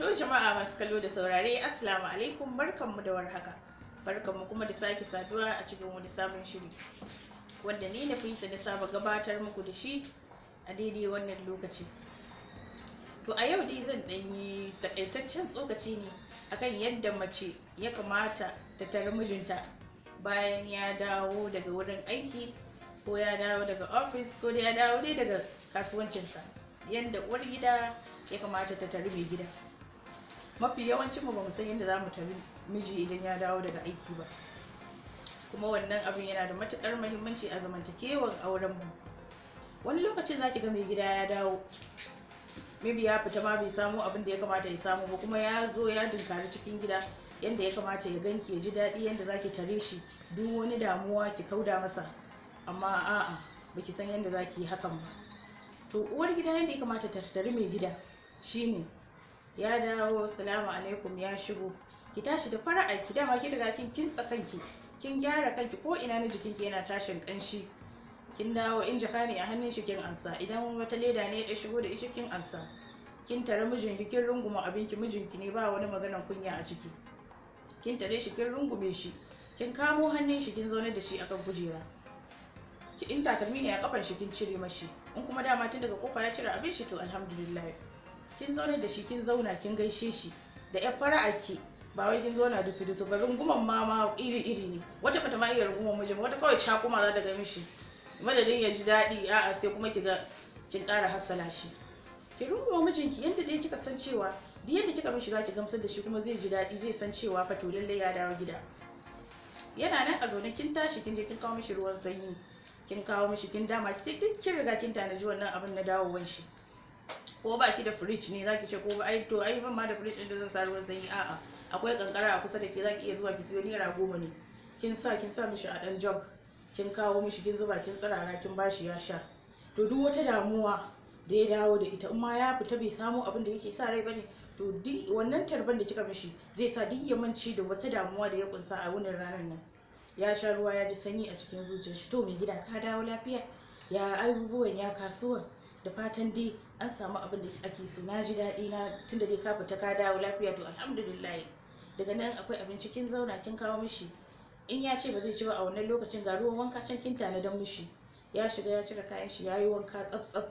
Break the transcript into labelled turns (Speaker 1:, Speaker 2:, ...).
Speaker 1: To jama'a masu kallo da saurare Assalamu alaikum barkanmu da warhaka. Barkanmu kuma da sake saduwa a cikin wani sabon shiri. Wanda ni na fisa da saba gabatar muku da shi a daidai wannan lokaci. To a yau dai zan ɗan yi takaitaccen tsokaci ne akan yadda mace ya kamata ta tara mijinta bayan ya dawo daga wurin aiki ko ya dawo daga ofis ko ya dawo dai daga kasuwancinsa yadda uwar gida ya kamata ta tarbe gida. mafi yawancin mu ba mu san yadda za mu tafi miji idan ya dawo daga aiki ba kuma wannan abin yana da matukar muhimmanci a zamantakewar auren mu wani lokacin za ki ga mai gida ya dawo maybe ya fita ma bai samu abin da ya kamata ya samu ba kuma ya zo ya dinkari cikin gida yadda ya kamata ya ganki ya ji daɗi yadda za ki tare shi duk wani damuwa ki kauda masa amma a'a baki san yadda za ki yi hakan ba to uwar gida yadda ya kamata ta tare mai gida shine ya dawo salamu alaikum ya shigo ki tashi da fara'a ki dama ki daga kin kintsa kanki kin gyara kanki ko ina na jikinki yana tashin kanshi kin dawo in jaka ne a hannun shi kin ansa idan wata leda ne ya shigo da ita kin ansa kin tare mijinki kin runguma abinki mijinki ne ba wani maganan kunya a ciki kin tare shi kin rungume shi kin kamo hannun shi kin zaune da shi akan kujera in takalmi ne a kafan shi kin cire mashi in kuma dama tun daga kofa ya cire abin shi to alhamdulillah kin zauna da shi kin zauna kin gaishe shi da yar fara'a ki ba wai kin zauna dusu dusu ba rungumar ma ma iri iri ne wata bata ma iya runguman mijin wata kawai cakuma za ta ga mishi madadin ya ji daɗi a'a sai kuma ki ga kin ƙara hassala shi ki runguma mijinki yadda dai kika san cewa duk yadda kika mishi ki gamsar da shi kuma zai ji daɗi zai san cewa fa to lalle ya dawo gida yana nan a zaune kin tashi kin je kin kawo mishi ruwan sanyi kin kawo mishi kin dama kin riga kin tanaji wannan abin na dawowan shi ko ba ki da fridge ne zaki ce ko ai to ai ban ma da fridge inda zan sa ruwan sanyi a'a akwai kankara a kusa da ke zaki iya zuwa ki siyo naira goma ne kin sa kin sa mishi a dan jog kin kawo mishi kin zuba kin tsirara kin bashi ya sha to duk wata damuwa da ya dawo da ita in ya fita bai samu abin da yake sa rai bane to duk wannan tarban da kika mishi zai sa duk ya mance da wata damuwa da ya kunsa a wannan ranar nan ya sha ruwa ya ji sanyi a cikin zuciyar shi to mai gida ka dawo lafiya ya abubuwan ya kasuwan da fatan dai an samu abin da ake so na ji daɗi na tun da dai ka fita ka dawo lafiya to alhamdulillah daga nan akwai abinci kin zauna kin kawo mishi in ya ce ba zai ci ba a wannan lokacin ga ruwan wanka can kin don mishi ya shiga ya cika kayan shi ya yi wanka tsaf tsaf